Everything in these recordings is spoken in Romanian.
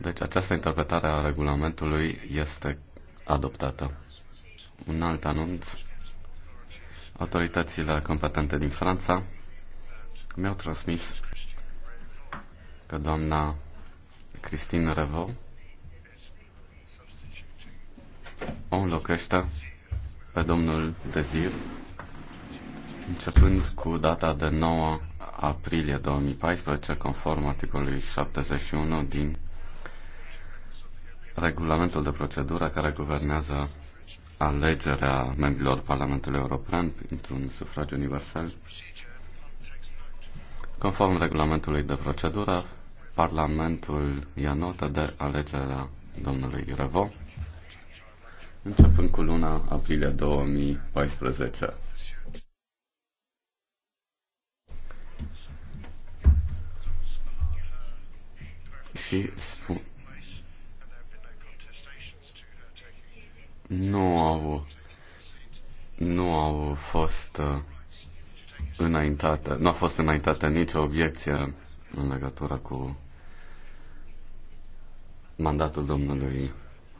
Deci această interpretare a regulamentului este adoptată. Un alt anunț. Autoritățile competente din Franța mi-au transmis că doamna Christine Revo o înlocuiește pe domnul Dezir începând cu data de 9 aprilie 2014, conform articolului 71 din regulamentul de procedură care guvernează alegerea membrilor Parlamentului European printr-un sufragiu universal. Conform regulamentului de procedură, Parlamentul ia notă de alegerea domnului Revo, începând cu luna aprilie 2014. Și nu au, nu au fost uh, înaintate, nu a fost înaintată nicio obiecție în legătură cu mandatul domnului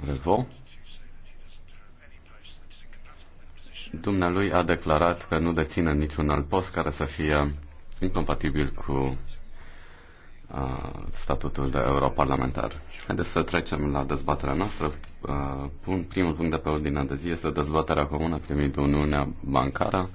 Revo. Dumnealui a declarat că nu deține niciun alt post care să fie incompatibil cu statutul de europarlamentar. Haideți să trecem la dezbaterea noastră. Primul punct de pe ordinea de zi este dezbaterea comună privind Uniunea Bancară.